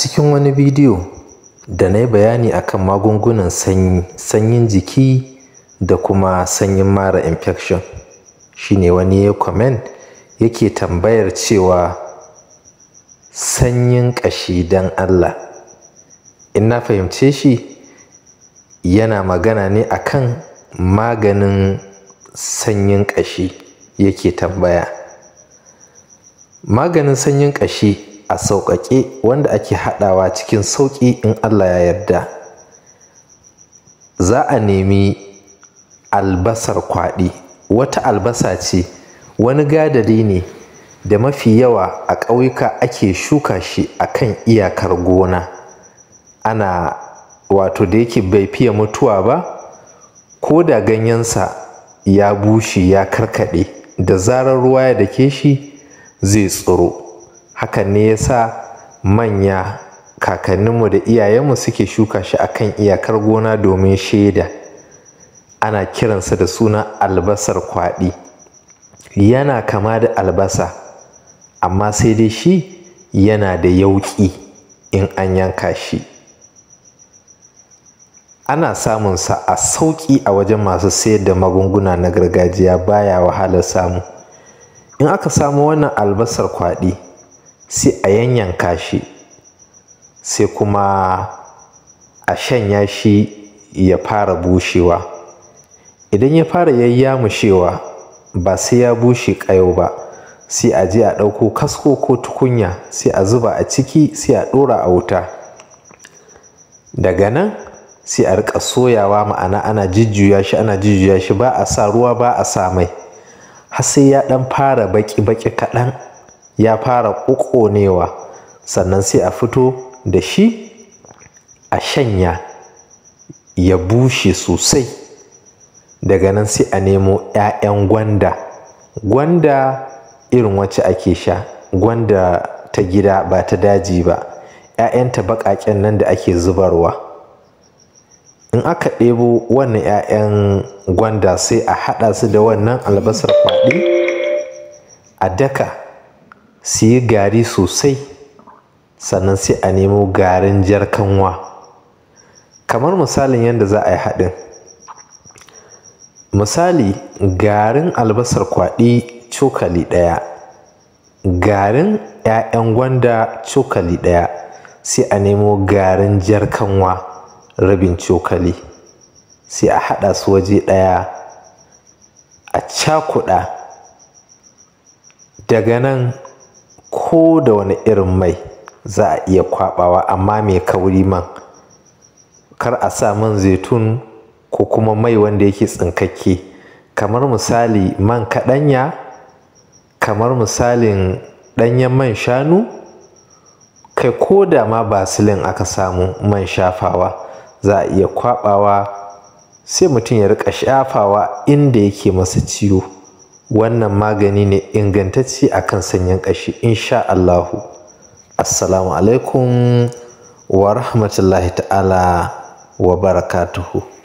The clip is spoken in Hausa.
cikin wani bidiyo da na yi bayani akan magungunan sanyi sanyin jiki da kuma sanyin mara infection shine wani ya comment yake tambayar cewa sanyin ƙashi don Allah in na fahimce shi yana magana ne akan maganin sanyin ƙashi yake tambaya maganin sanyin ƙashi a sauƙaƙe wanda ake haɗawa cikin sauƙi in Allah ya yarda za a nemi albasar kwaɗi wata albasa ce wani gadari ne da mafi yawa a ƙauyuka ake shuka shi a kan iyakar gona ana wato da yake bai fiye mutuwa ba ko da ganyensa ya bushe ya karkaɗe da zarar ruwa ya dake shi zai tsoro. hakan ne ya sa manya kakanninmu da iyayenmu suke shuka shi a kan iyakar gona domin shaida ana kiransa da suna albasar kwaɗi yana kama da albasa amma sai dai shi yana da yauƙi in an yanka shi ana samun sa a sauƙi a wajen masu sayar da magunguna na gargajiya baya wahalar samu in aka samu wannan albasar kwaɗi sai a yanyanka shi sai kuma a shanya shi ya fara bushewa idan ya fara yayyamushewa ba sai ya bushe kayo ba sai a je a ɗauko kasko ko tukunya sai a zuba a ciki sai a ɗora a wuta daga nan sai a rika soyawa ma'ana ana jijjuya shi ana jijjuya shi ba a sa ruwa ba a sa mai har sai ya ɗan fara baƙi-baƙi kaɗan ya fara ƙuƙonewa sannan sai a fito da shi a shanya ya bushe sosai daga nan sai a nemo 'ya'yan gwanda gwanda irin wacce ake sha gwanda ta gida ba ta daji ba Ya'yan ta baƙaƙen nan da ake zubarwa in aka ɗebo wannan 'ya'yan gwanda sai a haɗa su da wannan albasar kwaɗi a daka su yi gari sosai sannan sai a nemo garin jar kanwa kamar misalin yadda za a yi haɗin misali garin albasar kwaɗi cokali ɗaya garin 'ya'yan gwanda cokali ɗaya sai a nemo garin jar kanwa rabin cokali sai a haɗa su waje ɗaya a cakuɗa daga nan ko da wani irin mai za a iya kwaɓawa amma mai kauri man kar a sa man zaitun ko kuma mai wanda yake tsinkakke kamar misali man kaɗanya kamar misalin ɗanyen man shanu kai ko da ma basilin aka samu man shafawa za a iya kwaɓawa sai mutum ya riƙa shafawa inda yake masa ciwo wannan magani ne ingantacce akan sanyin ƙashi insha Allahu assalamu alaikum wa rahmatullahi ta'ala wa barakatuhu